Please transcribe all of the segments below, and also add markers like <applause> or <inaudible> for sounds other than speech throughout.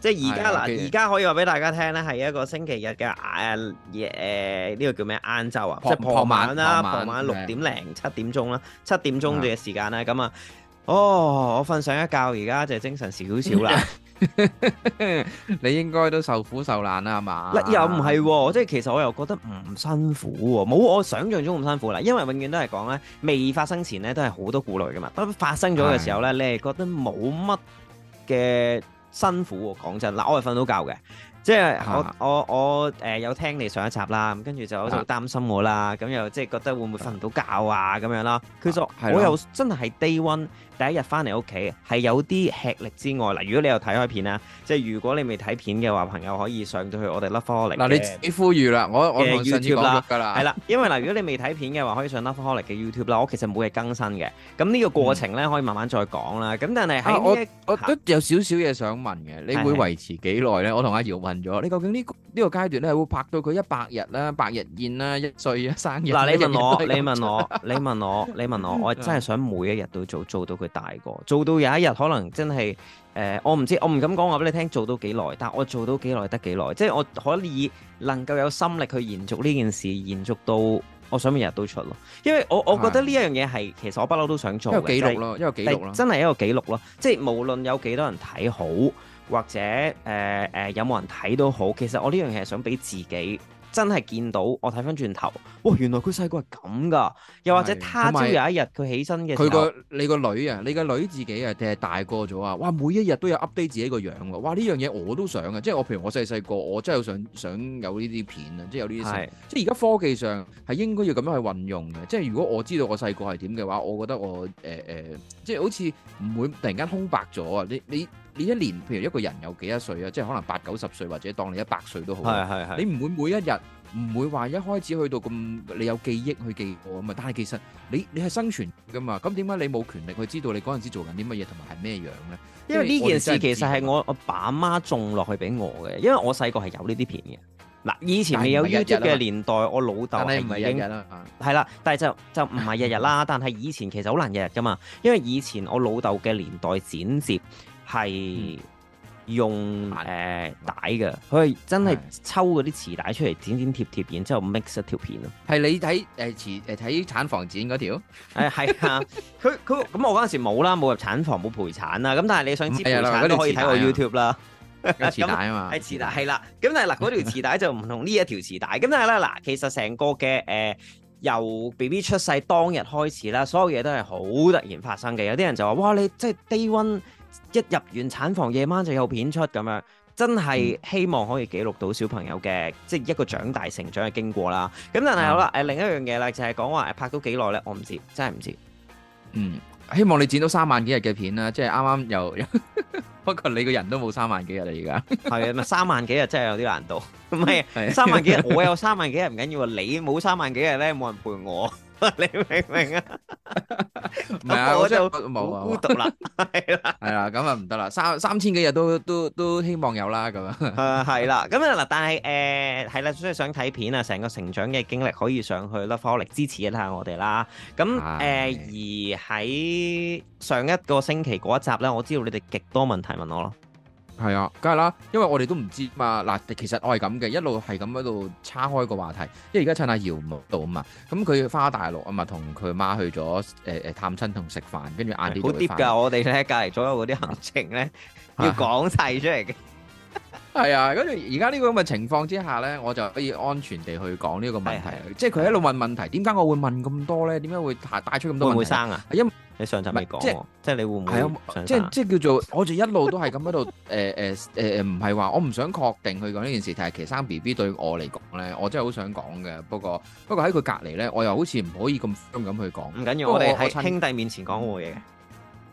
即係而家嗱，而家可以話俾大家聽咧，係一個星期日嘅晏，誒，呢個叫咩晏晝啊？即係傍晚啦，傍晚六點零七點鐘啦，七點鐘嘅時間咧，咁啊，哦，我瞓上一覺，而家就精神少少啦。你應該都受苦受難啦，係嘛？嗱，又唔係，即係其實我又覺得唔辛苦，冇我想象中咁辛苦啦。因為永遠都係講咧，未發生前咧都係好多顧慮噶嘛。當發生咗嘅時候咧，你係覺得冇乜嘅。辛苦喎、哦，講真嗱，我係瞓到覺嘅，即係我、啊、我我誒、呃、有聽你上一集啦，咁跟住就好擔心我啦，咁、啊、又即係覺得會唔會瞓唔到覺啊，咁樣啦，佢就我又真係 day one 第一日翻嚟屋企係有啲吃力之外嗱，如果你有睇開片啦，即係如果你未睇片嘅話，朋友可以上到去我哋 Lovaholic 嘅嗱，你自己呼籲啦，我我上次講咗㗎啦，係啦，因為嗱，如果你未睇片嘅話，可以上 Lovaholic 嘅 YouTube 啦，我其實每日更新嘅，咁呢個過程咧可以慢慢再講啦，咁但係喺我我都有少少嘢想問嘅，你會維持幾耐咧？我同阿姚問咗，你究竟呢呢個階段咧會拍到佢一百日啦、百日宴啦、一歲啊、生日嗱？你問我，你問我，你問我，你問我，我真係想每一日都做做到佢。大個做到有一日可能真係誒、呃，我唔知，我唔敢講話俾你聽，做到幾耐？但我做到幾耐得幾耐，即係我可以能夠有心力去延續呢件事，延續到我想每日都出咯。因為我我覺得呢一樣嘢係其實我不嬲都想做嘅記錄咯，因為記錄咯，真係一個記錄咯。即係無論有幾多人睇好，或者誒誒、呃呃、有冇人睇都好，其實我呢樣嘢係想俾自己。真係見到我睇翻轉頭，哇！原來佢細個係咁噶，又或者他朝有一日佢起身嘅，佢個你個女啊，你個女，你個女自己啊，定係大個咗啊，哇！每一日都有 update 自己個樣喎，哇！呢樣嘢我都想啊，即係我譬如我細細個，我真係想想有呢啲片啊，即係有呢啲，是即係而家科技上係應該要咁樣去運用嘅，即係如果我知道我細個係點嘅話，我覺得我誒誒、呃呃，即係好似唔會突然間空白咗啊！你你。你一年，譬如一個人有幾多歲啊？即係可能八九十歲，或者當你一百歲都好。是是是，你唔會每一日唔會話一開始去到咁，你有記憶去記我嘛？但係其實你你係生存噶嘛？咁點解你冇權力去知道你嗰陣時做緊啲乜嘢同埋係咩樣呢？因為呢件事其實係我阿爸阿媽種落去俾我嘅，因為我細個係有呢啲片嘅嗱。以前未有 YouTube 嘅年代，是是，日日我老豆係已經係啦，但係就就唔係日日啦。 <laughs> 但係以前其實好難日日噶嘛，因為以前我老豆嘅年代剪接。係用誒、嗯呃、帶嘅，佢真係抽嗰啲磁帶出嚟剪剪貼貼，貼然，然之後 mix 一條片咯。係你睇誒磁誒睇產房剪嗰條？誒 <laughs> 係、哎、啊！佢佢咁我嗰陣時冇啦，冇入產房，冇陪產啦、啊。咁但係你想知道產房、呃、可以睇我 YouTube 啦， <laughs> 磁帶啊嘛。係磁帶係啦。咁但係嗱，嗰條磁帶就唔同呢一條磁帶。咁 <laughs> 但係咧嗱，其實成個嘅誒由 B B 出世當日開始啦，所有嘢都係好突然發生嘅。有啲人就話：哇，你即係低溫。一入完產房，夜晚就有片出咁樣，真係希望可以記錄到小朋友嘅即係一個長大成長嘅經過啦。咁但係好啦，誒另一樣嘢啦，就係講話拍到幾耐咧，我唔知，真係唔知。嗯，希望你剪到三萬幾日嘅片啦，即係啱啱有，不過你個人都冇三萬幾日啦，而家係啊，三萬幾日真係有啲難度。唔係，三萬幾日我有三萬幾日唔緊要，你冇三萬幾日咧，冇人陪我。 <laughs> 你明唔明啊？唔 <laughs> 係 <laughs> 啊， <laughs> 我就冇孤獨啦，係啦有，係啦 <laughs> 道，咁 <laughs> <laughs> <laughs> <laughs> <laughs> 啊唔得啦，三三千幾日都都都希望有啦，咁啊係啦，咁啊嗱，但係誒係啦，所以、呃、ice 想睇片啊，成個成長嘅經歷可以上去啦，火力支持一下我哋啦，咁 <laughs> 誒、嗯呃、而喺上一個星期嗰一集咧，我知道你哋極多問題問我咯。係啊，梗係啦，因為我哋都唔知嘛。嗱，其實我係咁嘅，一路係咁喺度叉開個話題。因為而家趁阿魚冇到啊嘛，咁佢返大陸啊嘛，同佢媽去咗誒誒探親同食飯，跟住晏啲。好啲 e 㗎！我哋咧隔離左右嗰啲行程咧，啊啊、要講晒出嚟嘅。啊係啊，跟住而家呢個咁嘅情況之下咧，我就可以安全地去講呢個問題。即係佢喺度問問題，點解我會問咁多咧？點解會帶出咁多？會唔會生啊？因你上集未講，即係你會唔會？即係即係叫做，我就一路都係咁喺度誒誒誒，唔係話我唔想確定去講呢件事，但係其實生 B B 對我嚟講咧，我真係好想講嘅。不過不過喺佢隔籬咧，我又好似唔可以咁 firm 咁去講。唔緊要，我哋喺親兄弟面前講好嘢。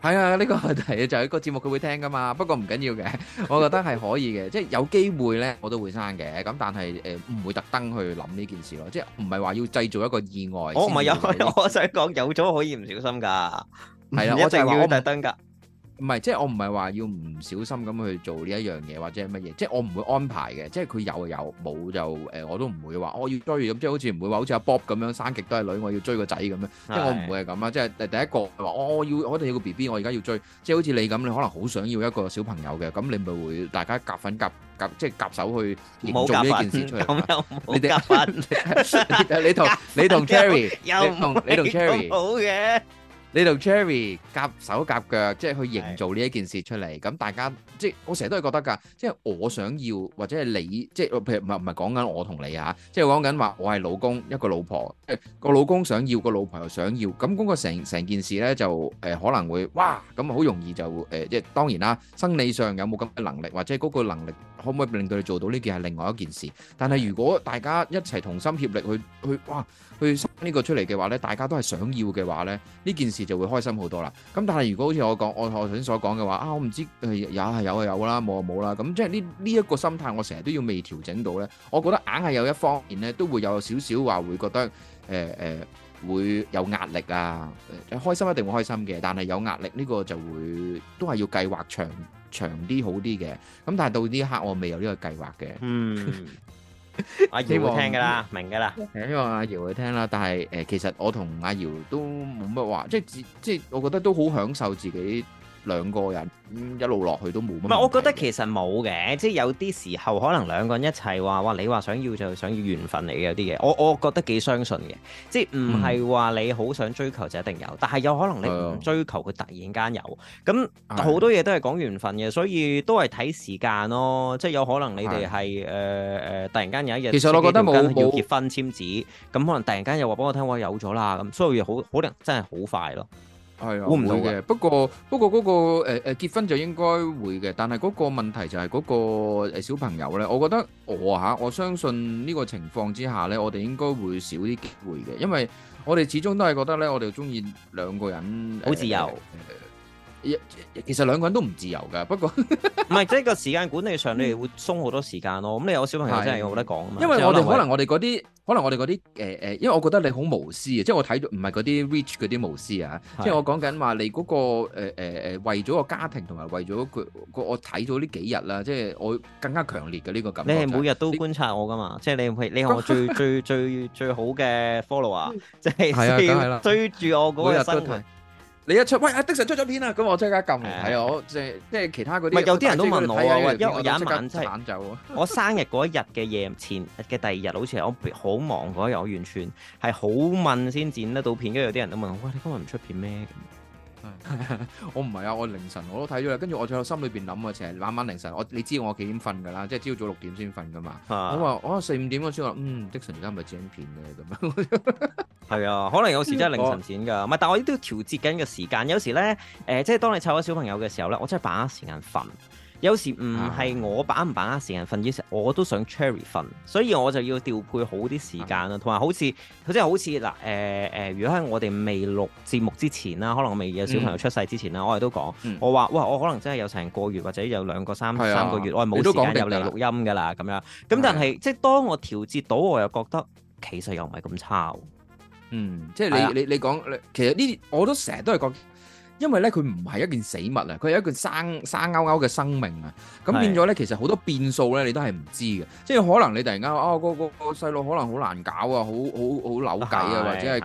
係啊，呢、這個問題就係一個節目佢會聽噶嘛，不過唔緊要嘅，我覺得係可以嘅， <laughs> 即係有機會咧，我都會生嘅，咁但係誒唔會特登去諗呢件事咯，即係唔係話要製造一個意外。我唔係有，我想講有咗可以唔小心噶，係啊的，我淨係話特登噶。不唔係，即係我唔係話要唔小心咁去做呢一樣嘢，或者係乜嘢，即係我唔會安排嘅，即係佢有就有，冇就誒、呃、我都唔會話我要追。咁即係好似唔會話好似阿 Bob 咁樣生極都係女，我要追個仔咁樣，是樣。即係我唔會係咁啊！即係誒第一個話、哦、我要，我要一定要個 BB，我而家要追。即係好似你咁，你可能好想要一個小朋友嘅，咁你咪會大家夾粉夾夾，即係夾手去做呢件事出嚟。你同你同 Cherry， <laughs> 夾粉 你同你同 Cherry，好嘅。你同 Cherry 夾手夾腳，即係去營造呢一件事出嚟，咁大家即係我成日都係覺得㗎，即係我想要或者係你，即係譬如唔係唔係講緊我同你啊，即係講緊話我係老公一個老婆，個老公想要個老婆又想要，咁嗰個成成件事咧就誒可能會嘩咁好容易就誒，即係當然啦，生理上有冇咁嘅能力或者嗰個能力。可唔可以令到你做到呢件係另外一件事？但係如果大家一齊同心協力去去哇去生呢個出嚟嘅話呢，大家都係想要嘅話咧，呢件事就會開心好多啦。咁但係如果好似我講我頭先所講嘅話啊，我唔知、欸、有係有，有，有，有，有，有啊有啦，冇啊冇啦。咁即係呢呢一個心態，我成日都要未調整到呢。我覺得硬係有一方面咧，都會有少少話會覺得誒誒、呃呃、會有壓力啊。開心一定會開心嘅，但係有壓力呢、呢個就會都係要計劃長。長啲好啲嘅，咁但係到呢一刻我未有呢個計劃嘅。嗯， <laughs> 阿姚會聽噶啦， <laughs> 明噶啦。希望阿姚會聽啦，但係誒、呃，其實我同阿姚都冇乜話，即係自即係我覺得都好享受自己。兩個人一路落去都冇乜。唔係，我覺得其實冇嘅，即係有啲時候可能兩個人一齊話哇，你話想要就想要緣分嚟嘅啲嘢，我我覺得幾相信嘅，即係唔係話你好想追求就一定有，但係有可能你唔追求佢突然間有，咁好多嘢都係講緣分嘅，的所以都係睇時間咯。即係有可能你哋係誒誒，突然間有一日，其實我覺得冇冇要結婚簽紙，咁可能突然間又話俾我聽我有咗啦，咁所以好可能真係好快咯。係啊，會唔會嘅。不過不過嗰個誒誒、呃、結婚就應該會嘅，但係嗰個問題就係嗰個誒小朋友咧。我覺得我吓，我相信呢個情況之下咧，我哋應該會少啲機會嘅，因為我哋始終都係覺得咧，我哋中意兩個人好自由。呃、其實兩個人都唔自由噶，不過唔係即係個時間管理上，嗯、你哋會鬆好多時間咯。咁你有小朋友真係好得講啊嘛。的因為我哋可能我哋嗰啲。可能我哋嗰啲誒誒，因為我覺得你好無私啊，即係我睇到唔係嗰啲 rich 嗰啲無私啊是、嗰個呃，即係我講緊話你嗰個誒誒誒，為咗個家庭同埋為咗佢，我睇咗呢幾日啦，即係我更加強烈嘅呢、呢個感覺、就係。你係每日都觀察我噶嘛？你即係你係你係我最 <laughs> 最最最好嘅 follower，即係 <laughs> 追追住我嗰個你一出，喂阿日新出咗片啊！咁我即刻撳。係啊，我即係即係其他嗰啲。唔係，有啲人都問我啊，因為我有一晚即係我生日嗰一日嘅夜前嘅第二日，好似係我好忙嗰日，我完全係好問先剪得到片。跟住有啲人都問我：喂，你今日唔出片咩？ <laughs> 我唔係啊，我凌晨我都睇咗啦，跟住我再心裏邊諗啊，成日晚晚凌晨，我你知道我幾點瞓㗎啦，即係朝早六點先瞓㗎嘛。我話我四五點我先話，嗯， <music> 即時而家咪剪片咧咁樣。係 <music> <music> 啊，可能有時真係凌晨剪㗎，唔係，但係我都要調節緊嘅時間。有時咧，誒、呃，即係當你湊咗小朋友嘅時候咧，我真係把握時間瞓。有時唔係我把唔把握時間瞓，其實我都想 cherry 瞓，所以我就要調配好啲時間啦。同埋好似，即、就、係、是、好似嗱，誒、呃、誒、呃，如果喺我哋未錄節目之前啦，可能我未有小朋友出世之前啦，嗯、我哋都講，嗯、我話哇，我可能真係有成個月或者有兩個三、啊、三個月，我係冇時間入嚟錄音㗎啦。咁樣咁，但係、啊、即係當我調節到，我又覺得其實又唔係咁差。嗯，即係你、啊、你你講，其實呢啲我都成日都係講。因為咧，佢唔係一件死物啊，佢係一件生生勾勾嘅生命啊，咁變咗咧，是的 其實好多變數咧，你都係唔知嘅，即係可能你突然間啊，個個細路可能好難搞啊，好好好扭計啊，是的 或者係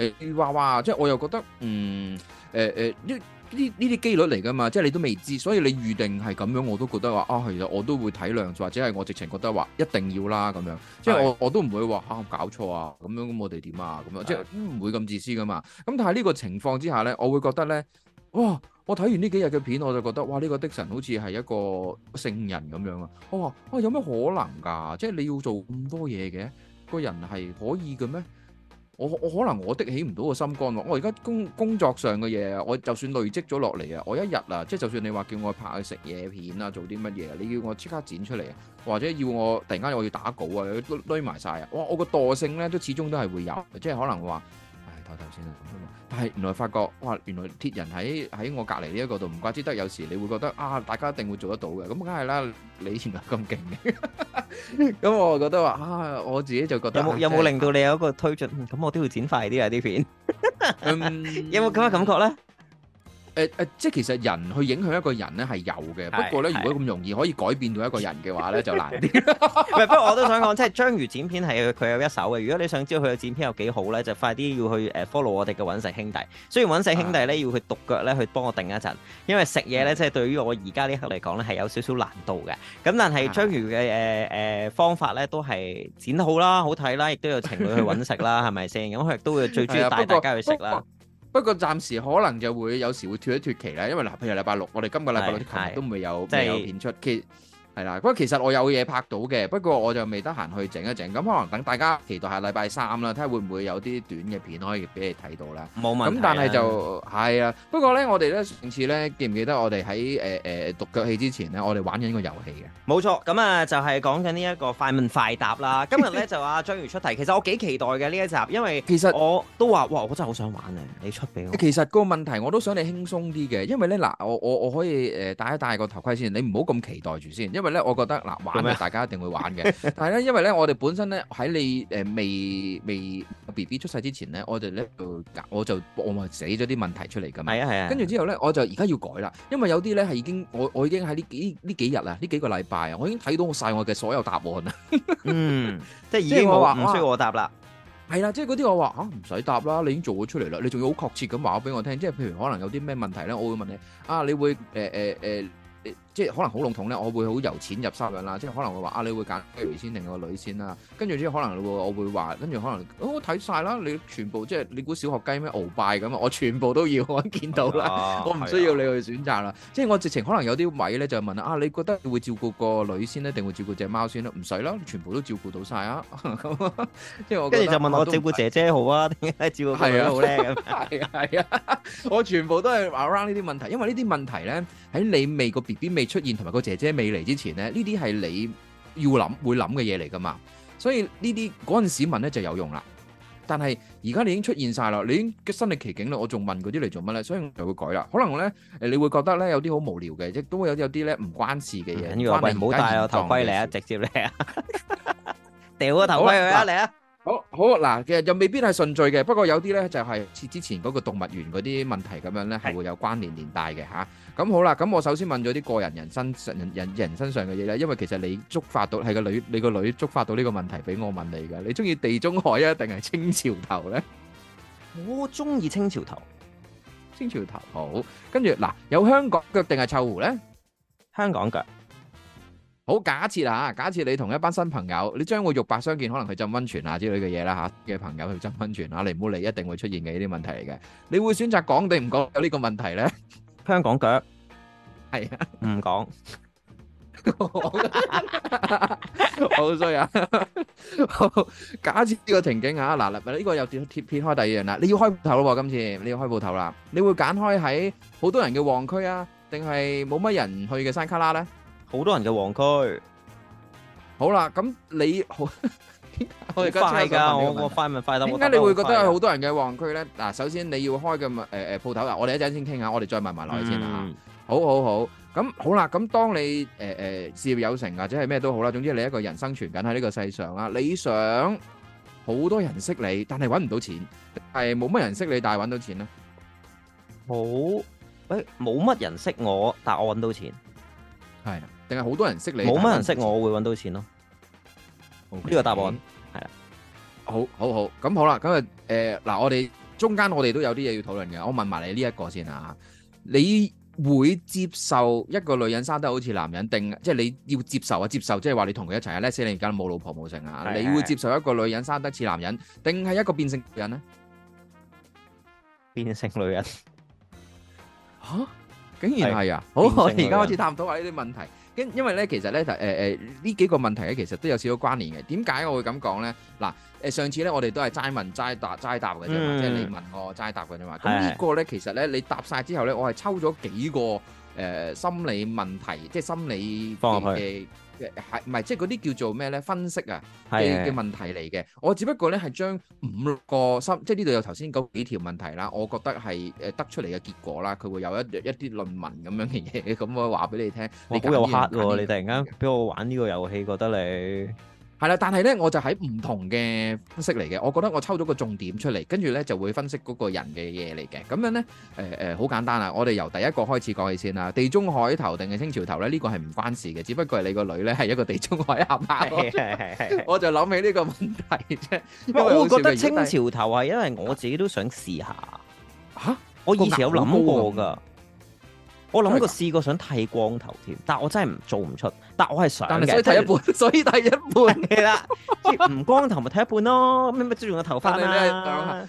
佢誒話話，即係我又覺得嗯誒誒、呃呃呃呃呢呢啲機率嚟噶嘛，即係你都未知，所以你預定係咁樣，我都覺得話啊，其實，我都會體諒，或者係我直情覺得話一定要啦咁樣，即係我的我都唔會話嚇、啊、搞錯啊咁樣，咁我哋點啊咁啊，樣的即係唔會咁自私噶嘛。咁但係呢個情況之下咧，我會覺得咧，哇！我睇完呢幾日嘅片，我就覺得哇，呢、這個的神好似係一個聖人咁樣啊！我話哇，有乜可能㗎？即係你要做咁多嘢嘅個人係可以嘅咩？我我可能我的起唔到個心肝喎，我而家工工作上嘅嘢，我就算累積咗落嚟啊，我一日啊，即係就算你話叫我拍去食嘢片啊，做啲乜嘢啊，你要我即刻剪出嚟，或者要我突然間我要打稿啊，都堆埋晒啊，哇！我個惰性咧都始終都係會有，即係可能話。睇睇先啦，但係原來發覺，哇！原來鐵人喺喺我隔離呢一個度，唔怪之得，有時你會覺得啊，大家一定會做得到嘅，咁梗係啦，你以前係咁勁嘅，咁 <laughs> 我覺得話啊，我自己就覺得有冇、啊、有冇令到你有一個推進，咁 <laughs> 我都要剪快啲啊啲片， <laughs> um, <laughs> 有冇咁嘅感覺咧？誒誒，即係其實人去影響一個人咧係有嘅，是的 不過咧如果咁容易可以改變到一個人嘅話咧就難啲。唔係， <laughs> <laughs> 不過我都想講，即係章魚剪片係佢有一手嘅。如果你想知道佢嘅剪片有幾好咧，就快啲要去誒 follow 我哋嘅揾食兄弟。雖然揾食兄弟咧、啊、要去獨腳咧去幫我頂一陣，因為食嘢咧即係對於我而家呢刻嚟講咧係有少少難度嘅。咁但係章魚嘅誒誒方法咧都係剪好啦、好睇啦，亦都有情侶去揾食啦，係咪先？咁佢亦都會最中意帶大家去食啦。 <laughs> <laughs> <laughs> 不過暫時可能就會有時會脫一脫期啦，因為嗱，譬如禮拜六，我哋今個禮拜六啲琴日都未有未是有演出，其。就是係啦，不過其實我有嘢拍到嘅，不過我就未得閒去整一整，咁可能等大家期待下禮拜三啦，睇下會唔會有啲短嘅片可以俾你睇到啦。冇問題。咁但係就係啊，不過咧，我哋咧上次咧，記唔記得我哋喺誒誒獨腳戲之前咧，我哋玩緊個遊戲嘅。冇錯，咁啊就係講緊呢一個快問快答啦。今日咧 <laughs> 就阿章魚出題，其實我幾期待嘅呢一集，因為其實我都話哇，我真係好想玩你出俾我。其實個問題我都想你輕鬆啲嘅，因為咧嗱，我我我可以誒戴一戴個頭盔先，你唔好咁期待住先，因為咧，我覺得嗱，玩啊，大家一定會玩嘅。什麼 <laughs> 但係咧，因為咧，我哋本身咧喺你誒未未 B B 出世之前咧，我哋咧就，我就我咪寫咗啲問題出嚟噶嘛。係啊，係啊。跟住、啊、之後咧，我就而家要改啦，因為有啲咧係已經，我已經我已經喺呢幾呢幾日啊，呢幾個禮拜啊，我已經睇到晒我嘅所有答案啦。呵呵嗯，即係已經 <laughs> 我話說唔需要我答啦。係啦， <laughs> 即係嗰啲我話吓唔使答啦，你已經做咗出嚟啦，你仲要好確切咁話俾我聽。即係譬如可能有啲咩問題咧，我會問你啊，你會誒誒誒。啊啊啊啊啊啊即係可能好籠統咧，我會好由淺入深㗎啦，即係可能會話啊，你會揀 a r 先定個女先啦，跟住之後可能會我會話，跟住可能我睇晒啦，你全部即係你估小學雞咩，鰲拜咁啊，我全部都要我見到啦，啊、我唔需要你去選擇啦，啊、即係我直情可能有啲位咧就問啊，你覺得你會照顧個女先咧，定會照顧隻貓先咧？唔使啦，全部都照顧到晒啊！ <laughs> 即係我跟住就問我，都 我照顧姐姐好啊，定係照顧妹妹好咧？係啊，我全部都係 around 呢啲問題，因為呢啲問題咧喺你未個 B B 未。出現同埋個姐姐未嚟之前咧，呢啲係你要諗會諗嘅嘢嚟噶嘛，所以呢啲嗰陣時問咧就有用啦。但係而家你已經出現晒啦，你已經身歷其境啦，我仲問嗰啲嚟做乜咧？所以我就會改啦。可能咧，你會覺得咧有啲好無聊嘅，亦都會有有啲咧唔關事嘅嘢，例如話喂，唔好戴我頭盔嚟啊，直接嚟啊，掉個頭盔去啊！好好嗱，其實又未必係順序嘅，不過有啲咧就係、是、似之前嗰個動物園嗰啲問題咁樣咧，係會有關聯年代嘅吓。咁、啊、好啦，咁我首先問咗啲個人人身上人人人身上嘅嘢咧，因為其實你觸發到係個女，你個女觸發到呢個問題俾我問你嘅。你中意地中海啊，定係清朝頭咧？我中意清朝頭，清朝頭好。跟住嗱，有香港腳定係臭狐咧？香港腳。好假設啊，假設你同一班新朋友，你將會肉帛相見，可能去浸溫泉啊之類嘅嘢啦吓，嘅朋友去浸溫泉啊，你唔好理，一定會出現嘅呢啲問題嚟嘅。你會選擇講定唔講有呢個問題咧？香港腳係啊，唔講好衰啊！好假設呢個情景啊，嗱，呢個又斷撇開第二樣啦，你要開鋪頭啦，今次你要開鋪頭啦，你會揀開喺好多人嘅旺區啊，定係冇乜人去嘅山卡拉咧？好多人嘅旺區，好啦，咁你我而家㗎？我個快問快答，點解你會覺得有好多人嘅旺區咧？嗱，首先你要開嘅誒誒鋪頭啊，我哋一陣先傾下，我哋再問埋落去先啦。好好好，咁好啦，咁當你誒誒事業有成或者係咩都好啦，總之你一個人生存緊喺呢個世上啦，你想好多人識你，但係搵唔到錢，係冇乜人識你，但係搵到錢咯。好，誒冇乜人識我，但係我搵到錢，係。定係好多人識你，冇乜人識我，識我，我會揾到錢咯。呢 Okay. 個答案係啦、嗯是，好好好，咁好啦，咁啊誒嗱，我哋中間我哋都有啲嘢要討論嘅。我問埋你呢一個先啊，你會接受一個女人生得好似男人，定即係你要接受啊？接受即係話你同佢一齊啊？呢先你而家冇老婆冇成啊？的你會接受一個女人生得似男人，定係一個變性女人咧？變性女人吓、啊，竟然係啊！好，我而家開始探討下呢啲問題。因因為咧，其實咧就誒誒呢、呃呃、幾個問題咧，其實都有少少關聯嘅。點解我會咁講咧？嗱誒，上次咧我哋都係齋問齋答齋答嘅啫嘛，嗯、即係你問我齋答嘅啫嘛。咁、嗯、呢個咧，其實咧你答晒之後咧，我係抽咗幾個。誒、呃、心理問題，即係心理方面嘅係唔係即係嗰啲叫做咩咧？分析啊嘅嘅的問題嚟嘅。我只不過咧係將五六個心，即係呢度有頭先嗰幾條問題啦。我覺得係誒得出嚟嘅結果啦，佢會有一一啲論文咁樣嘅嘢，咁 <laughs> 我話俾你聽。哇你好、這個、有黑喎！這個、你突然間俾我玩呢個遊戲，覺得你。係啦，但係咧，我就喺唔同嘅分析嚟嘅。我覺得我抽咗個重點出嚟，跟住咧就會分析嗰個人嘅嘢嚟嘅。咁樣咧，誒、呃、誒，好、呃、簡單啦。我哋由第一個開始講起先啦。地中海頭定係清朝頭咧？呢、這個係唔關事嘅，只不過係你個女咧係一個地中海下巴。係係係 <laughs> 我就諗起呢個問題啫。我會覺得清朝頭係因為我自己都想試下。吓、啊，我以前有諗過噶。我諗過試過想剃光頭添，但我真係唔做唔出。但我係想嘅。所以剃一半，是所以剃一半嘅啦。唔了 <laughs> 光頭咪剃一半咯，咩咩尊重個頭髮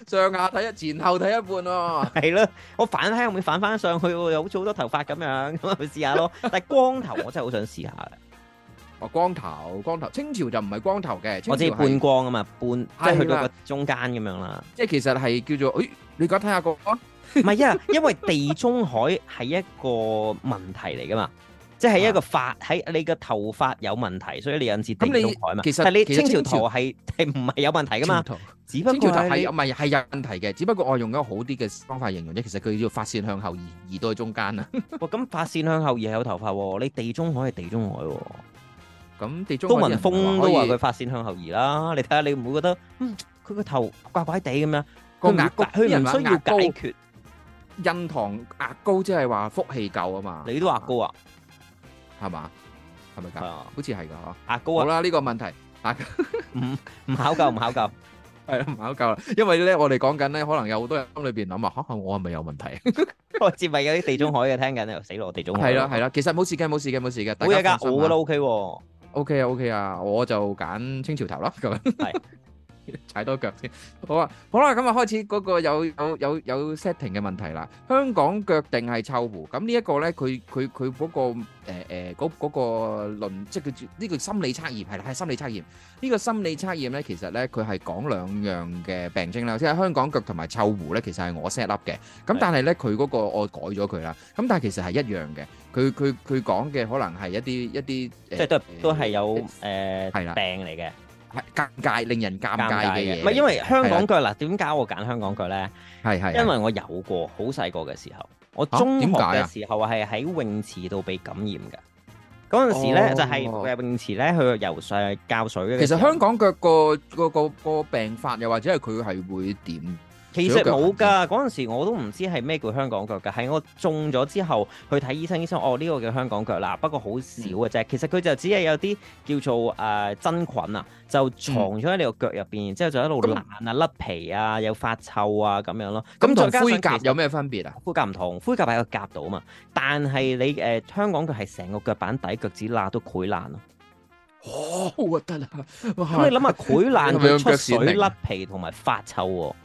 上下睇一前，後睇一半咯。係咯，我反喺後面反翻上去，又好似好多頭髮咁樣，咁咪試下咯。但係光頭我真係好想試下。哦，光頭，光頭，清朝就唔係光頭嘅。我知半光啊嘛，半的即係去到個中間咁樣啦。即係其實係叫做，誒、哎，你而家睇下個。唔係啊，因為地中海係一個問題嚟噶嘛，即係一個發喺你嘅頭髮有問題，所以你引致地中海嘛。其實你清朝頭係係唔係有問題噶嘛。只不過清朝頭係唔係係有問題嘅，只不過我用咗一個好啲嘅方法形容啫。其實佢叫髮線向後移，移到去中間啊。咁髮線向後移係有頭髮，你地中海係地中海，咁地中海都聞風都話佢髮線向後移啦。你睇下，你唔會覺得嗯佢個頭怪怪地咁樣？佢牙佢唔需要解決。印堂壓高，即係話福氣夠啊嘛！你都壓高啊，係嘛？係咪㗎？好似係㗎嗬？壓高啊！好啦，呢個問題，唔唔考究，唔考究，係啦，唔考究啦。因為咧，我哋講緊咧，可能有好多人心裏邊諗啊，嚇我係咪有問題？我接咪有啲地中海嘅聽緊，又死落地中海。係啦係啦，其實冇事嘅冇事嘅冇事嘅。好嘅，我覺得 OK 喎。OK 啊 OK 啊，我就揀清朝頭囉。咁樣。踩多腳先，好啊，好啦，咁啊開始嗰個有有有有 setting 嘅問題啦。香港腳定係臭狐？咁呢一個咧，佢佢佢嗰個誒誒嗰嗰個論，即係叫呢個心理測驗，係啦係心理測驗。呢個心理測驗咧，其實咧佢係講兩樣嘅病徵啦。即係香港腳同埋臭狐咧，其實係我 set up 嘅。咁但係咧，佢嗰個我改咗佢啦。咁但係其實係一樣嘅。佢佢佢講嘅可能係一啲一啲，即係都都係有誒病嚟嘅。尷尬，令人尷尬嘅嘢，唔係因為香港腳嗱，點解的我揀香港腳咧？係係的，因為我有過好細個嘅時候，我中學嘅時候係喺泳池度被感染嘅。嗰陣、啊、時咧、哦、就係泳池咧，佢個游水教水。其實香港腳、嗰個、嗰個、嗰個病發又或者係佢係會點？其實冇噶，嗰陣時我都唔知係咩叫香港腳噶，係我中咗之後去睇醫生，醫生哦呢個叫香港腳啦。不過好少嘅啫，其實佢就只係有啲叫做誒真菌啊，就藏咗喺你個腳入邊，然之後就喺度爛啊、甩皮啊、又發臭啊咁樣咯。咁同灰甲有咩分別啊？灰甲唔同，灰甲係有個甲度啊嘛，但係你誒香港腳係成個腳板底、腳趾罅都潰爛咯。哦，好核突啊。咁你諗下，潰爛出水、甩皮同埋發臭。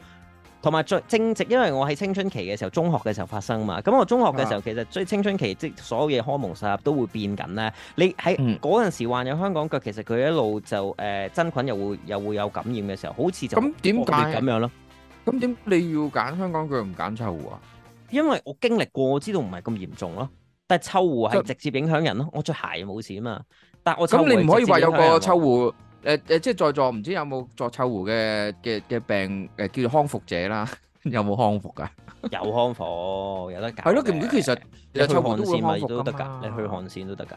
同埋最正值，因為我喺青春期嘅時候，中學嘅時候發生嘛。咁我中學嘅時候，其實最青春期即係所有嘢荷爾蒙分泌都會變緊咧。你喺嗰陣時患有香港腳，其實佢一路就誒、呃、真菌又會又會有感染嘅時候，好似就咁點解咁樣咯？咁點你要揀香港腳唔揀臭狐啊？因為我經歷過，我知道唔係咁嚴重咯、啊。但係臭狐係直接影響人咯、啊。就是、我着鞋冇事啊嘛。但我咁、啊、你唔可以話有個臭狐。誒誒，即係在座唔知有冇作臭狐嘅嘅嘅病，誒叫做康復者啦，有冇康復噶？有康復，有得解。係咯，其實你去汗腺咪都得噶，你去汗腺都得噶。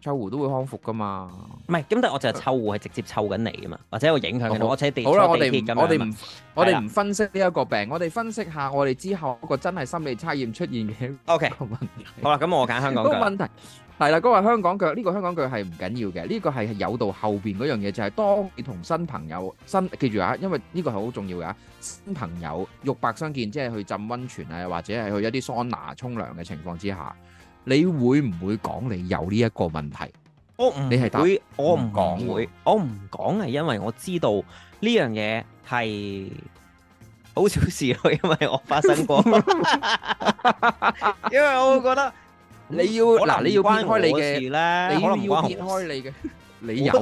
臭狐都會康復噶嘛？唔係，咁但係我就係臭狐係直接湊緊你噶嘛，或者我影佢。火車跌，好啦，我哋我哋唔我哋唔分析呢一個病，我哋分析下我哋之後嗰個真係心理測驗出現嘅。O K，好啦，咁我揀香港嘅。係啦，嗰個香港腳，呢個香港腳係唔緊要嘅，呢個係有到後邊嗰樣嘢，就係當你同新朋友新，記住啊，因為呢個係好重要嘅啊，新朋友肉白相見，即係去浸溫泉啊，或者係去一啲桑拿沖涼嘅情況之下，你會唔會講你有呢一個問題？我唔會，我唔講會，我唔講係因為我知道呢樣嘢係好小事咯，因為我發生過，因為我覺得。你要嗱，你要撇開你嘅，你唔要撇開你嘅。你有，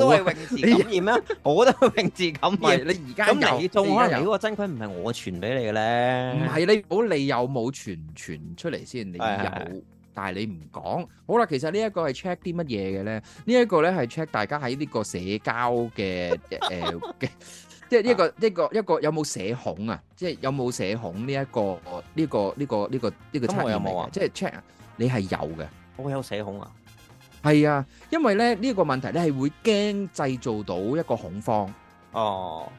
你有咩？我覺得係泳池感染啦。我覺得泳池感染。你而家就咁，你中開真菌唔係我傳俾你嘅咧。唔係你，我你有冇傳傳出嚟先？你有，但係你唔講。好啦，其實呢一個係 check 啲乜嘢嘅咧？呢一個咧係 check 大家喺呢個社交嘅誒嘅，即係呢一個呢個一個有冇社恐啊？即係有冇社恐呢一個呢個呢個呢個？今日有冇啊？即係 check。你係有嘅，我、oh, 有社恐啊，係啊，因為咧呢一、呢個問題咧係會驚製造到一個恐慌，哦，oh。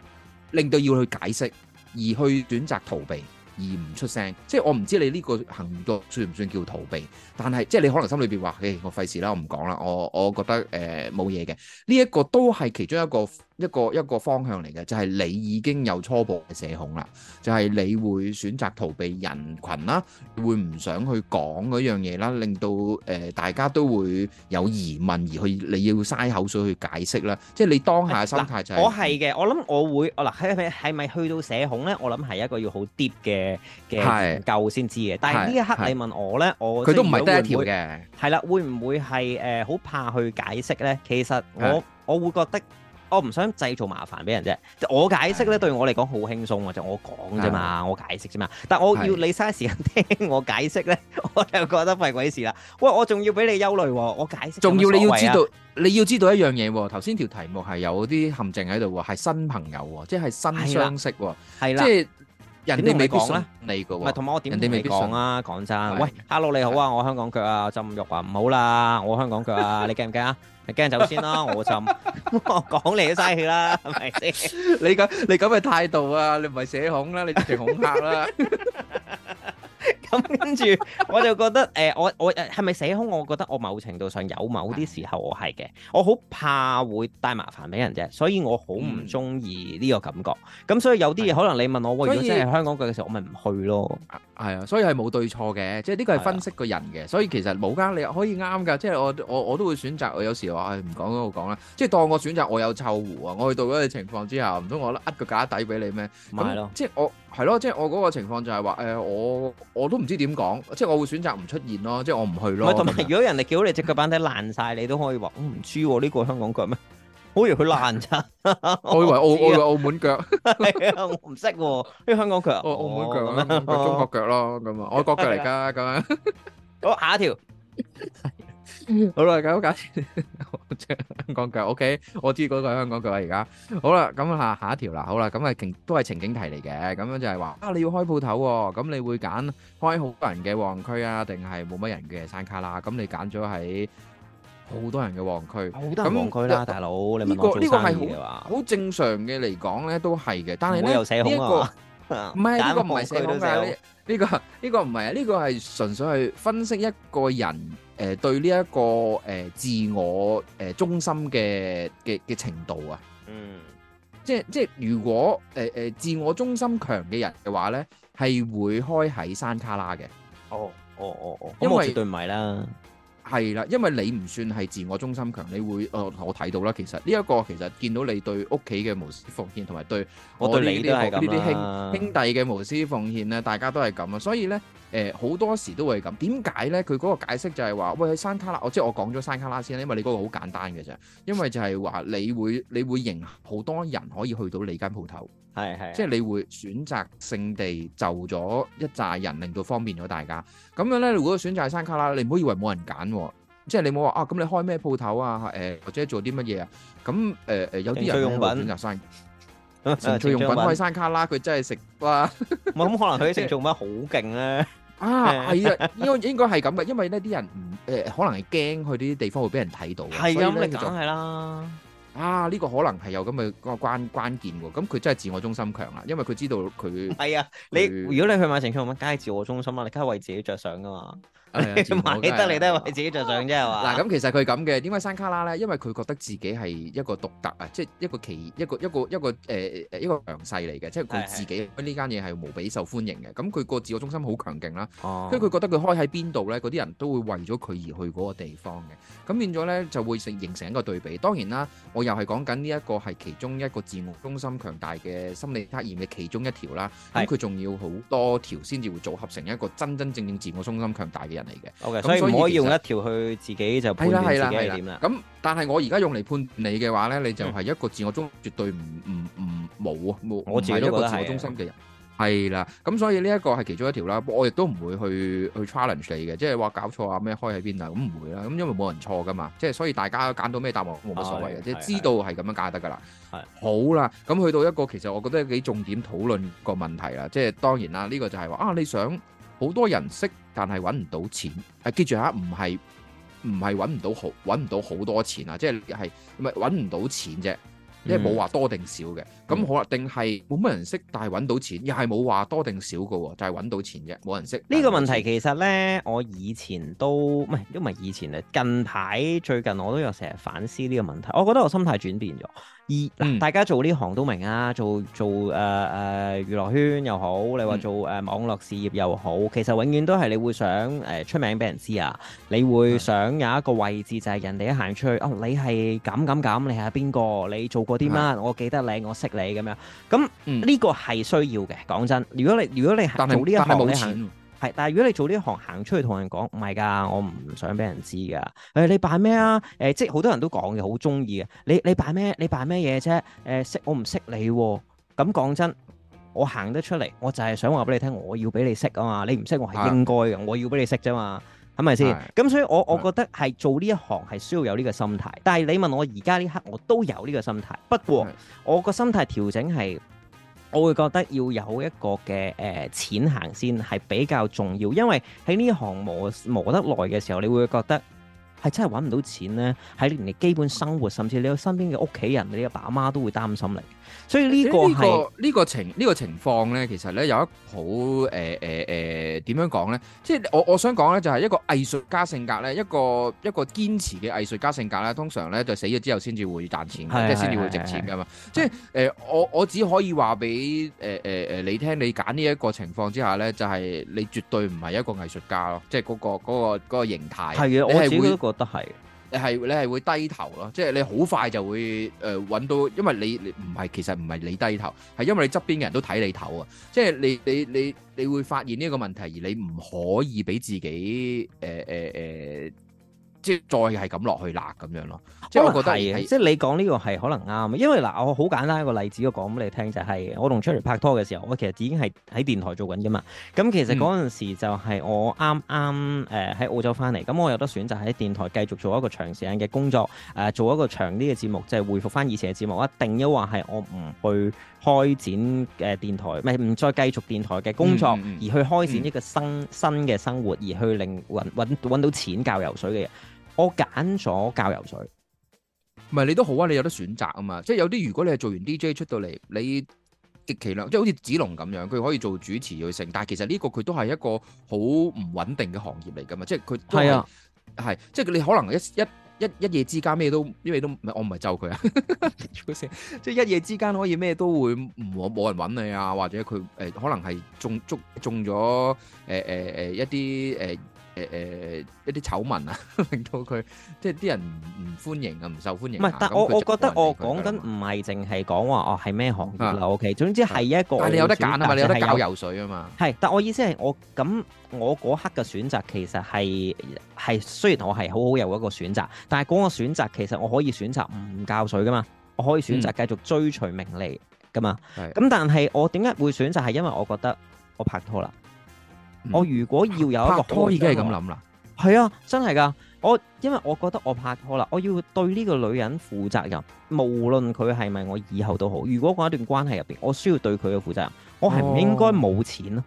令到要去解釋，而去選擇逃避而唔出聲，即係我唔知你呢個行動算唔算叫逃避，但係即係你可能心裏邊話，誒我費事啦，我唔講啦，我我，我覺得誒冇嘢嘅，呢、呃、一、呢個都係其中一個。一個一個方向嚟嘅，就係你已經有初步嘅社恐啦，就係你會選擇逃避人群啦，會唔想去講嗰樣嘢啦，令到誒大家都會有疑問，而去你要嘥口水去解釋啦。即係你當下嘅心態就係我係嘅，我諗我會，我嗱係咪係咪去到社恐咧？我諗係一個要好 deep 嘅嘅研究先知嘅。但係呢一刻你問我咧，我佢都唔係得一條嘅，係啦，會唔會係誒好怕去解釋咧？其實我我會覺得。我唔想製造麻煩俾人啫，我解釋咧對我嚟講好輕鬆啊，就係我講啫嘛，我解釋啫嘛。係但我要你嘥時間聽我解釋咧，我又覺得費鬼事啦。喂，我仲要俾你憂慮，我解釋仲要你要知道，你要知道一樣嘢。頭先條題目係有啲陷阱喺度，係新朋友，即係新相識，係啦。人哋未講啦，未嘅唔係，同埋我點？人哋未講啊，講真。喂，hello 你好啊，我香港腳啊，浸浴啊，唔好啦，我香港腳啊，你驚唔驚啊？你驚走先啦，我浸。我講你都嘥氣啦，係咪你咁你咁嘅態度啊，你唔係社恐啦，你變成恐嚇啦。咁 <laughs> 跟住，我就覺得誒、呃，我我係咪死空？我覺得我某程度上有某啲時候我係嘅，我好怕會帶麻煩俾人啫，所以我好唔中意呢個感覺。咁、嗯、所以有啲嘢可能你問我，以如果真係香港句嘅時候，我咪唔去咯、啊。係啊，啊，所以係冇對錯嘅，即係呢個係分析個人嘅。啊、所以其實冇㗋，你可以啱㗎。即係我我我都會選擇。我有時話誒唔講啦，我講啦。即係當我選擇我有臭狐啊，我去到嗰個情況之下，唔通我甩呃個價底俾你咩？咁即係我。我嗯嗯係咯，即係我嗰個情況就係話，誒、呃，我我都唔知點講，即係我會選擇唔出現咯，即係我唔去咯。同埋如果人哋叫你隻腳板底爛晒，你都可以話唔知呢、啊這個香港腳咩？好似佢爛咋？哈哈我以為澳，我以、啊、澳門腳、 <laughs> 啊、我唔識喎，因為香港腳。澳門腳澳門腳，中國腳咯，咁啊，外國腳嚟㗎咁。樣的 <laughs> 好，下一條。 <laughs> 好啦，搞搞香港腳，OK，我知嗰句香港腳啦。而家好啦，咁下下一條啦。好啦，咁係情都係情景題嚟嘅。咁樣就係話啊，你要開鋪頭，咁你會揀開好多人嘅旺區啊，定係冇乜人嘅山卡啦？咁你揀咗喺好多人嘅旺區，好多人旺區啦，大佬。呢個呢個係好好正常嘅，嚟講咧，都係嘅。但係咧呢個唔係呢個唔係寫空嘅，呢個呢個唔係啊，呢個係純粹係分析一個人。誒、呃、對呢、這、一個誒、呃、自我誒、呃、中心嘅嘅嘅程度啊，嗯，即係即係如果誒誒、呃、自我中心強嘅人嘅話咧，係會開喺山卡拉嘅、哦。哦哦哦哦，哦因為絕對唔係啦，係啦，因為你唔算係自我中心強，你會我我睇到啦。其實呢一、這個其實見到你對屋企嘅無私奉獻，同埋對我，我對你呢呢啲兄兄弟嘅無私奉獻咧，大家都係咁啊，所以咧。誒好多時都會咁點解咧？佢嗰個解釋就係話，喂，山卡拉，即我即係我講咗山卡拉先，因為你嗰個好簡單嘅啫。因為就係話，你會你會迎合好多人可以去到你間鋪頭，係係，即係你會選擇性地就咗一紮人，令到方便咗大家。咁樣咧，如果選擇係山卡拉，你唔好以為冇人揀，即係你冇好話啊，咁你開咩鋪頭啊？誒、呃、或者做啲乜嘢啊？咁誒誒有啲人會選擇山。情趣用品開山卡拉，佢真係食哇！咁 <laughs> 可能佢啲情趣用品好勁咧？ <laughs> 啊，係啊，應該應該係咁噶，因為呢啲人唔誒、呃，可能係驚去呢啲地方會俾人睇到。係咁的，你梗係啦。啊，呢、這個可能係有咁嘅關關鍵喎。咁佢真係自我中心強啦，因為佢知道佢係啊。的他你如果你去買情趣用品，梗係自我中心啊。你梗係為自己着想噶嘛。你買得嚟都係為自己着想啫，係嘛慕？嗱，咁其實佢咁嘅，點解山卡拉咧？因為佢覺得自己係一個獨特啊，即係一個奇一個一個一個誒誒、呃、一個強勢嚟嘅，即係佢自己呢間嘢係無比受歡迎嘅。咁佢個自我中心好強勁啦，跟住佢覺得佢開喺邊度咧，嗰啲人都會為咗佢而去嗰個地方嘅。咁變咗咧就會成形成一個對比。當然啦，我又係講緊呢一個係其中一個自我中心強大嘅心理測驗嘅其中一條啦。咁佢仲要好多條先至會組合成一個真真正正自我中心強大嘅。人嚟嘅，OK，嗯，所以唔可以其實用一條去自己就判斷自己點啦。咁但係我而家用嚟判你嘅話咧，你就係一個自我中心，絕對唔唔唔冇冇，我自己係一個自我中心嘅人，係啦。咁所以呢一個係其中一條啦。我亦都唔會去去 challenge 你嘅，即係話搞錯啊咩開喺邊啊咁唔會啦。咁因為冇人錯㗎嘛，即係所以大家揀到咩答案冇乜所謂嘅，即係知道係咁樣解得㗎啦。係，好啦，咁去到一個其實我覺得幾重點討論個問題啦，即係當然啦，呢個就係話啊，啊，你想好多人識。但係揾唔到錢。誒記住嚇，唔係唔係揾唔到好揾唔到好多錢啊，即係係唔係揾唔到錢啫，嗯、即係冇話多定少嘅。咁好啦，定係冇乜人識，但係揾到錢，又係冇話多定少嘅喎，就係、是、揾到錢啫，冇人識。呢個問題其實呢，我以前都唔係，因為以前啊，近排最近我都有成日反思呢個問題。我覺得我心態轉變咗。嗯、大家做呢行都明啊，做做誒誒、呃呃、娛樂圈又好，你話做誒網絡事業又好，嗯、其實永遠都係你會想誒、呃、出名俾人知啊，你會想有一個位置就係人哋一行出去、嗯、哦，你係咁咁咁，你係邊個？你做過啲乜？嗯、我記得你，我識。我你咁樣，咁呢個係需要嘅。講真，如果你如果你做呢一行，你行係，但係如果你做呢一行行出去同人講，唔係噶，我唔想俾人知噶。誒，你扮咩啊？誒，即係好多人都講嘅，好中意嘅。你你扮咩？你扮咩嘢啫？誒，識我唔識你。咁講真，我行得出嚟，我就係想話俾你聽，我要俾你識啊嘛。你唔識我係應該嘅，是的 我要俾你識啫嘛。係咪先？咁的所以我的我覺得係做呢一行係需要有呢個心態。但係你問我而家呢刻，我都有呢個心態。不過我個心態調整係，我會覺得要有一個嘅誒、呃、錢行先係比較重要。因為喺呢行磨磨得耐嘅時候，你會覺得係真係揾唔到錢呢。喺連你基本生活，甚至你有身邊嘅屋企人，你阿爸阿媽都會擔心你。所以呢個係呢、呢個呢個情呢、呢個情況呢，其實呢有一好誒誒誒點樣講呢？即係我我想講呢，就係、係、一個藝術家性格呢，一個一個堅持嘅藝術家性格呢，通常呢，就係、死咗之後先至會賺錢，是的 即係先至會值錢噶嘛。是的 即係、呃、我我只可以話俾誒誒你聽，你揀呢一個情況之下呢，就係、係、你絕對唔係一個藝術家咯，即係嗰、嗰個嗰、嗰個嗰個嗰個、形態。係啊的，我自己都覺得係。你係你係會低頭咯，即係你好快就會誒揾，呃、到，因為你你唔係其實唔係你低頭，係因為你側邊嘅人都睇你頭啊！即係你你你你會發現呢個問題，而你唔可以俾自己誒誒誒。呃呃呃即再係咁落去啦，咁樣咯，即係我覺得，即係你講呢個係可能啱，因為嗱，我好簡單一個例子，我講俾你聽就係、是，我同 Cherry 拍拖嘅時候，我其實已經係喺電台做緊噶嘛。咁其實嗰陣時就係我啱啱誒喺澳洲翻嚟，咁我有得選擇喺電台繼續做一個長時間嘅工作，誒、呃、做一個長啲嘅節目，即、就、係、是、回復翻以前嘅節目。我一定要話係我唔去開展誒電台，唔係唔再繼續電台嘅工作，嗯嗯、而去開展一個新、嗯、新嘅生活，而去令搵到錢教游水嘅人。我揀咗教游水，唔係你都好啊！你有得選擇啊嘛！即係有啲如果你係做完 DJ 出到嚟，你極其量即係好似子龍咁樣，佢可以做主持去成。但係其實呢個佢都係一個好唔穩定嘅行業嚟㗎嘛！即係佢係啊，係即係你可能一一一一夜之間咩都，因為都我唔係咒佢啊， <laughs> <laughs> 即係一夜之間可以咩都會唔冇人揾你啊，或者佢誒、呃、可能係中中中咗誒誒誒一啲誒。呃誒誒、呃，一啲醜聞啊， <laughs> 令到佢即係啲人唔歡迎啊，唔受歡迎啊。唔係，但我我覺得我講緊唔係淨係講話哦，係咩行業啦？O K，總之係一個。但係你有得揀啊嘛，你有得教游水啊嘛。係，但我意思係我咁，我嗰刻嘅選擇其實係係雖然我係好好有一個選擇，但係嗰個選擇其實我可以選擇唔教水噶嘛，我可以選擇繼續追隨名利噶嘛。係、嗯，咁、嗯、但係我點解會選擇係因為我覺得我拍拖啦。我如果要有一個拍拖，已經係咁諗啦，係啊，真係噶。我因為我覺得我拍拖啦，我要對呢個女人負責任，無論佢係咪我以後都好。如果嗰一段關係入邊，我需要對佢嘅負責任，我係唔應該冇錢咯。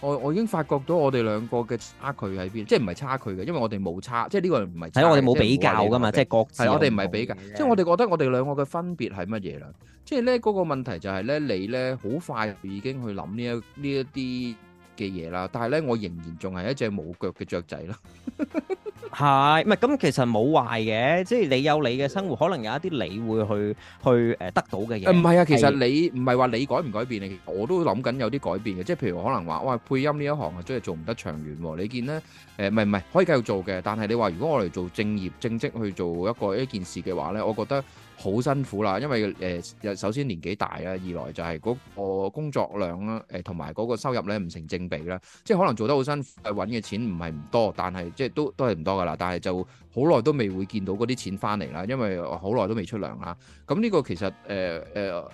我我已經發覺到我哋兩個嘅差距喺邊，即係唔係差距嘅，因為我哋冇差，即係呢個人唔係。係我哋冇比較噶嘛，即係各自係我哋唔係比較，即係我哋覺得我哋兩個嘅分別係乜嘢啦？即係咧嗰個問題就係咧，你咧好快已經去諗呢一呢一啲。嘅嘢啦，但係咧，我仍然仲係一隻冇腳嘅雀仔囉。係唔係？咁其實冇壞嘅，即係你有你嘅生活，可能有一啲你會去去誒得到嘅嘢。唔係啊，其實你唔係話你改唔改變，你我都諗緊有啲改變嘅。即係譬如可能話，哇，配音呢一行啊，真係做唔得長遠。你見咧誒，唔係唔係，可以繼續做嘅。但係你話如果我嚟做正業正職去做一個一件事嘅話咧，我覺得。好辛苦啦，因為誒、呃、首先年紀大啦，二來就係嗰個工作量啦，誒同埋嗰個收入咧唔成正比啦，即係可能做得好辛苦，揾嘅錢唔係唔多，但係即係都都係唔多噶啦，但係就好耐都未會見到嗰啲錢翻嚟啦，因為好耐都未出糧啦，咁呢個其實誒誒。呃呃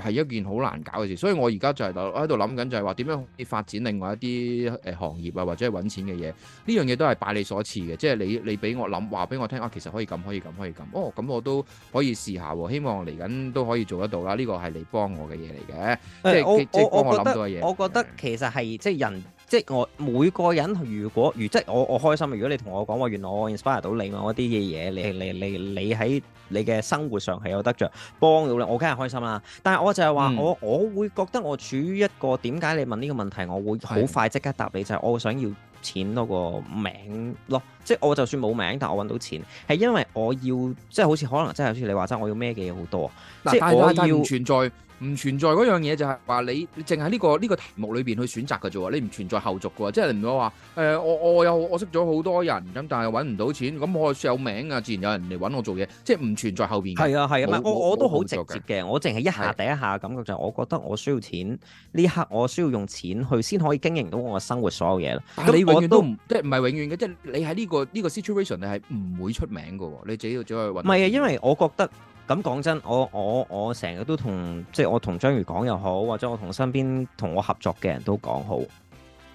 係一件好難搞嘅事，所以我而家就係喺度諗緊，就係話點樣去發展另外一啲誒行業啊，或者係搵錢嘅嘢。呢樣嘢都係拜你所賜嘅，即係你你俾我諗，話俾我聽啊，其實可以咁，可以咁，可以咁。哦，咁我都可以試下，希望嚟緊都可以做得到啦。呢個係你幫我嘅嘢嚟嘅，哎、即係是我我，我，幫我諗到嘅嘢。我覺得其實係即係人。即係我每個人，如果如即係我我開心。如果你同我講話，原來我 inspire 到你嘛，我啲嘅嘢，你你你你喺你嘅生活上係有得着，幫到你，我梗係開心啦。但係我就係話我，嗯、我會覺得我處於一個點解你問呢個問題，我會好快即刻答你是的 就係我想要錢嗰個名咯。即係我就算冇名，但我揾到錢係因為我要即係好似可能即係好似你話齋，我要咩嘅嘢好多。嗱但，但係我要。唔存在。唔存在嗰樣嘢、這個，就係話你，你淨係呢個呢個題目裏邊去選擇嘅啫喎，你唔存在後續嘅，即係唔好話誒，我我有我識咗好多人，咁但係揾唔到錢，咁我有名啊，自然有人嚟揾我做嘢，即係唔存在後邊。係啊，係啊，沒我我都好直接嘅，我淨係一下第一下感覺就係，我覺得我需要錢，呢一刻我需要用錢去先可以經營到我嘅生活所有嘢啦。咁你永遠都唔都，即係唔係永遠嘅，即係你喺呢個呢個 situation 你係唔會出名嘅喎，你自己要走去揾。唔係啊，因為我覺得。咁講真，我我我成日都同即係我同章魚講又好，或者我同身邊同我合作嘅人都講好，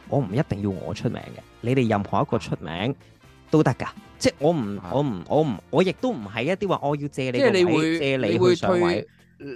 我唔一定要我出名嘅，你哋任何一個出名都得㗎，即係我唔我唔我唔我亦都唔係一啲話我要借你嘅位借你去上位。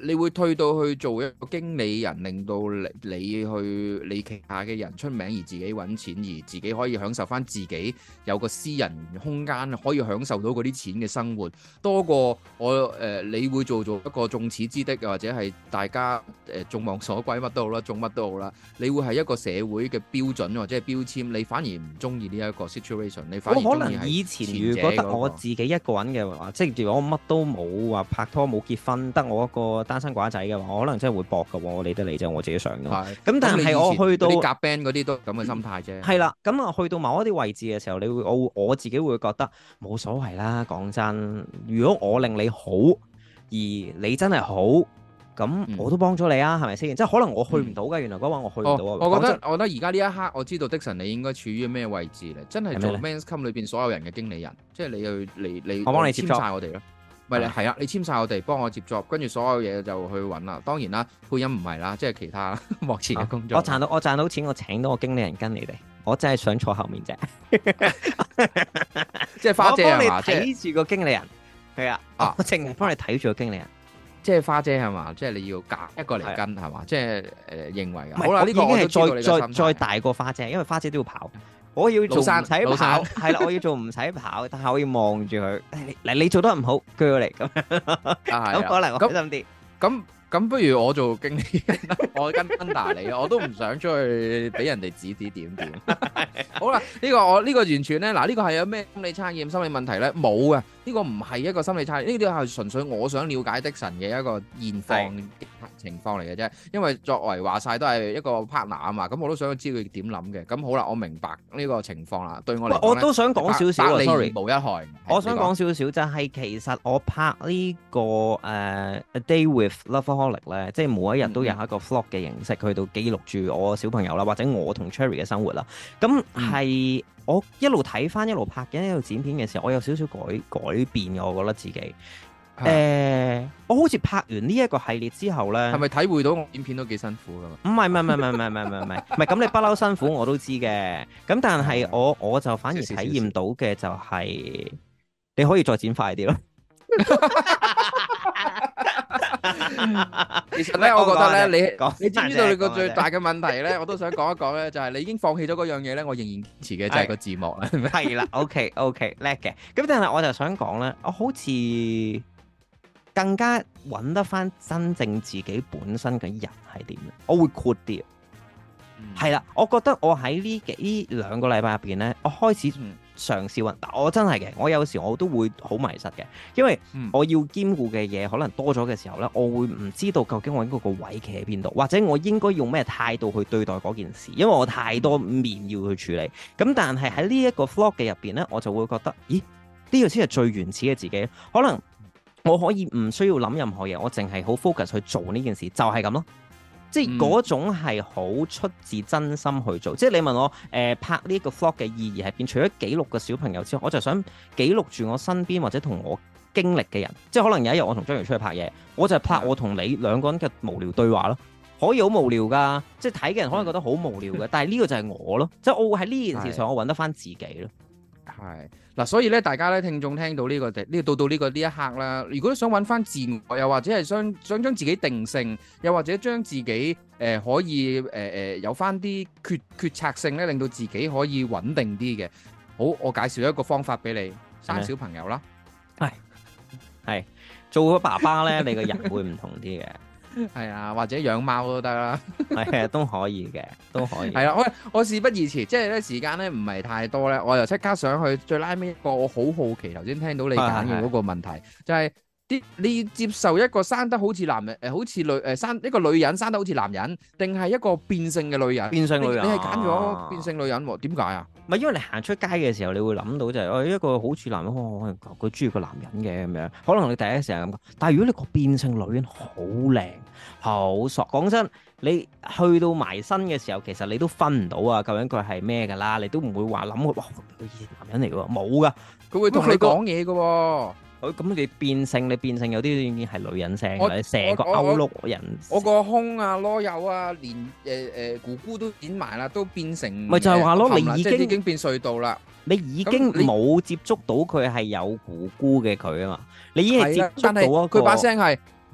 你會退到去做一個經理人，令到你去你旗下嘅人出名，而自己揾錢，而自己可以享受返自己有個私人空間，可以享受到嗰啲錢嘅生活，多過我誒、呃，你會做做一個眾矢之的，或者係大家誒、呃、眾望所歸，乜都好啦，做乜都好啦，你會係一個社會嘅標準或者係標籤，你反而唔中意呢一個 situation。你反而、那個、可能以前如果得我自己一個人嘅話，即係如果我乜都冇，話拍拖冇結婚，得我一個。單身寡仔嘅話，我可能真係會搏噶，我理得你，就我自己上咯。咁，但係我去到夾 band 嗰啲,都咁嘅心態啫。係啦，咁啊，去到某一啲位置嘅時候，你會我我自己會覺得冇所謂啦。講真，如果我令你好，而你真係好，咁我都幫咗你啊，係咪先？即係可能我去唔到噶，嗯、原來嗰話我去唔到啊。我覺得我覺得而家呢一刻，我知道迪神，你應該處於咩位置咧？真係嗎做 Men's Come 裏邊所有人嘅經理人，即、就、係、是、你去嚟嚟，你你你你你你我幫你簽晒我哋咯。咪係啦，你簽晒我哋，幫我接 job，跟住所有嘢就去搵啦。當然啦，配音唔係啦，即係其他啦。目前嘅工作。我賺到我賺到錢，我請到我經理人跟你哋，我淨係想坐後面啫。 <laughs> 即係花姐係嘛？你睇住個經理人係啊，我淨係幫你睇住個經理人。啊、理人即係花姐係嘛？即係你要夾一個嚟跟係嘛的的？即係誒，認為啊，是好吧我呢個已經係再再再大過花姐，因為花姐都要跑。我要做，唔使跑，係啦，我要做唔使跑，但係我要望住佢。嗱，你做得唔好，鋸你咁，咁可能我小心啲。咁咁，不如我做經理，我跟 under 你，我都唔想出去俾人哋指指點點。好啦，呢個我呢個完全咧，嗱呢個係有咩心理測驗，心理問題咧？冇啊，呢個唔係一個心理測驗，呢啲係純粹我想了解的神嘅一個現況情況嚟嘅啫，因為作為話晒都係一個 partner 啊嘛，咁我都想知佢點諗嘅。咁好啦，我明白呢個情況啦，對我嚟講，我都想講少少喎。sorry，無一害。我想講少少就係其實我拍呢、呢個誒、uh, A Day with Lovaholic 咧，即係每一日都有一個 vlog 嘅形式去到、嗯嗯、記錄住我小朋友啦，或者我同 Cherry 嘅生活啦。咁係、嗯、我一路睇翻一路拍緊一路剪片嘅時候，我有少少改改變嘅，我覺得自己。誒、啊呃，我好似拍完呢一個系列之後咧，係咪體會到我影片都幾辛苦噶？唔係唔係唔係唔係唔係唔係唔係唔係，唔係咁你不嬲辛苦我都知嘅。咁但係我我就反而體驗到嘅就係、是，試試試你可以再剪快啲咯。其實咧， <laughs> 我覺得咧，你你知唔知道你個最大嘅問題咧， <laughs> 我都想講一講咧，就係你已經放棄咗嗰樣嘢咧，我仍然堅持嘅就係、是、個字幕啦。係啦 <laughs> ，OK OK，叻嘅。咁但係我就想講咧，我好似。更加揾得翻真正自己本身嘅人係點咧？我會闊啲，係啦、嗯。我覺得我喺呢幾兩個禮拜入邊呢，我開始嘗試揾。但我真係嘅，我有時我都會好迷失嘅，因為我要兼顧嘅嘢可能多咗嘅時候呢，我會唔知道究竟我應該個位企喺邊度，或者我應該用咩態度去對待嗰件事，因為我太多面要去處理。咁但係喺呢一個 vlog 入邊呢，我就會覺得，咦？呢個先係最原始嘅自己，可能。我可以唔需要諗任何嘢，我淨係好 focus 去做呢件事，就係咁咯。即係嗰種係好出自真心去做。即係你問我誒、呃、拍呢個 vlog 嘅意義係邊？除咗記錄個小朋友之外，我就想記錄住我身邊或者同我經歷嘅人。即係可能有一日我同張瑋出去拍嘢，我就拍我同你兩個人嘅無聊對話咯。可以好無聊㗎，即係睇嘅人可能覺得好無聊嘅，嗯、但係呢個就係我咯。 <laughs> 即係我會喺呢件事上，我揾得翻自己咯。係嗱、啊，所以咧，大家咧，聽眾聽到呢、這個，呢到到呢個呢一刻啦，如果想揾翻自我，又或者係想想將自己定性，又或者將自己誒、呃、可以誒誒、呃、有翻啲決決策性咧，令到自己可以穩定啲嘅，好，我介紹一個方法俾你，生小朋友啦，係係做咗爸爸咧， <laughs> 你個人會唔同啲嘅。係啊，或者養貓都得啦，係啊都可以嘅，都可以。係啦、啊，我我事不宜遲，即係咧時間咧唔係太多咧，我又即刻上去最拉尾一個，我好好奇，頭先聽到你講嘅嗰個問題， <music> 啊啊、就係、是。啲，你接受一個生得好似男人誒，好似女誒生一個女人生得好似男人，定係一個變性嘅女人？變性女人，你係揀咗變性女人，點解啊？唔係因為你行出街嘅時候，你會諗到就係、誒、哦，一個好似男人，可能佢中意個男人嘅咁樣。可能你第一時間咁，但係如果你個變性女人好靚好索，講真，你去到埋身嘅時候，其實你都分唔到啊，究竟佢係咩噶啦？你都唔會話諗佢哇，佢以前男人嚟噶，冇噶，佢會同你講嘢噶。咁你變性？你變性有啲已經係女人聲嘅，成個歐碌人。我個胸啊、羅柚啊，連誒誒咕咕都剪埋啦，都變成。咪就係話咯，你已經已經變隧道啦，你已經冇接觸到佢係有咕咕嘅佢啊嘛，你已經係接觸到一個。佢把聲係。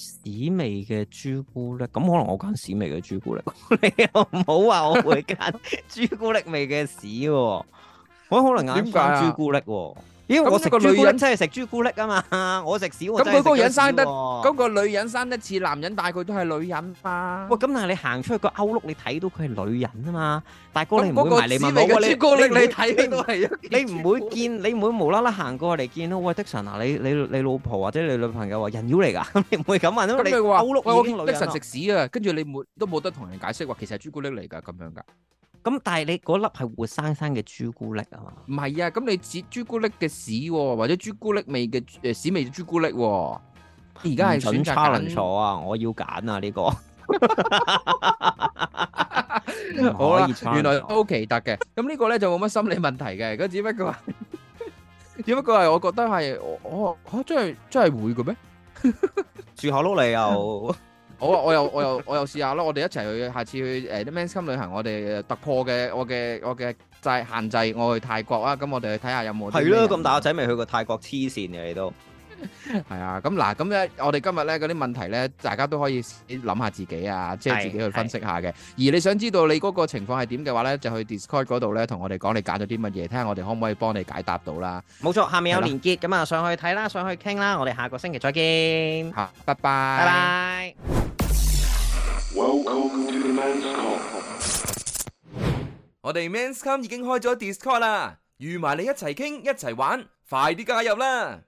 屎味嘅朱古力，咁可能我揀屎味嘅朱古力， <laughs> 你又唔好話我會揀 <laughs> 朱古力味嘅屎喎，啊，我、欸、可能揀翻朱古力喎，啊。咁個女人真係食朱古力啊嘛，我食屎我真係食屎喎。咁個女人生得，咁個女人生得似男人，大概都係女人吧。喂，咁但係你行出去個歐陸，你睇到佢係女人啊嘛，大哥你唔會埋嚟問我朱古力你睇呢個係一，你唔會見你唔會無啦啦行過嚟見咯。喂，迪神啊，你你你老婆或者你女朋友話人妖嚟㗎，你唔會咁問咯。咁你話歐陸啊，迪神食屎啊，跟住你冇都冇得同人解釋話其實係朱古力嚟㗎咁樣㗎。咁但係你嗰粒係活生生嘅、啊、朱古力啊嘛？唔係啊，咁你指朱古力嘅屎、哦，或者朱古力味嘅誒、呃、屎味朱古力、哦。而家係選擇困難錯啊！我要揀啊呢、這個。 <laughs> <laughs> 好啦、啊，原來都 O.K. 得嘅。咁呢個咧就冇乜心理問題嘅，咁只不過只不過係我覺得係我我、啊、真係真係會嘅咩？住好碌嚟，又～ <laughs> 好啊！我又我又我又試下啦，我哋一齊去，下次去啲、呃、Men’s Come 旅行我們，我哋突破嘅我嘅我嘅制限制，我去泰國啊！咁、嗯、我哋去睇下有冇。係咯， <laughs> 咁大個仔未去過泰國黐線嘅你都。 <noise> <noise> <noise> <noise> 係 <laughs> 啊，咁嗱，咁咧，我哋今日咧嗰啲問題咧，大家都可以諗下自己啊，即係是自己去分析下嘅。而你想知道你嗰個情況係點嘅話咧，就去 Discord 嗰度咧，同我哋講你揀咗啲乜嘢，睇下我哋可唔可以幫你解答到啦。冇錯，下面有連結，咁啊上去睇啦，上去傾啦，我哋下個星期再見。好、啊，拜拜。拜拜 bye。Welcome to Men's Come。我哋 Men's Come 已經開咗 Discord 啦，預埋你一齊傾，一齊玩，快啲加入啦！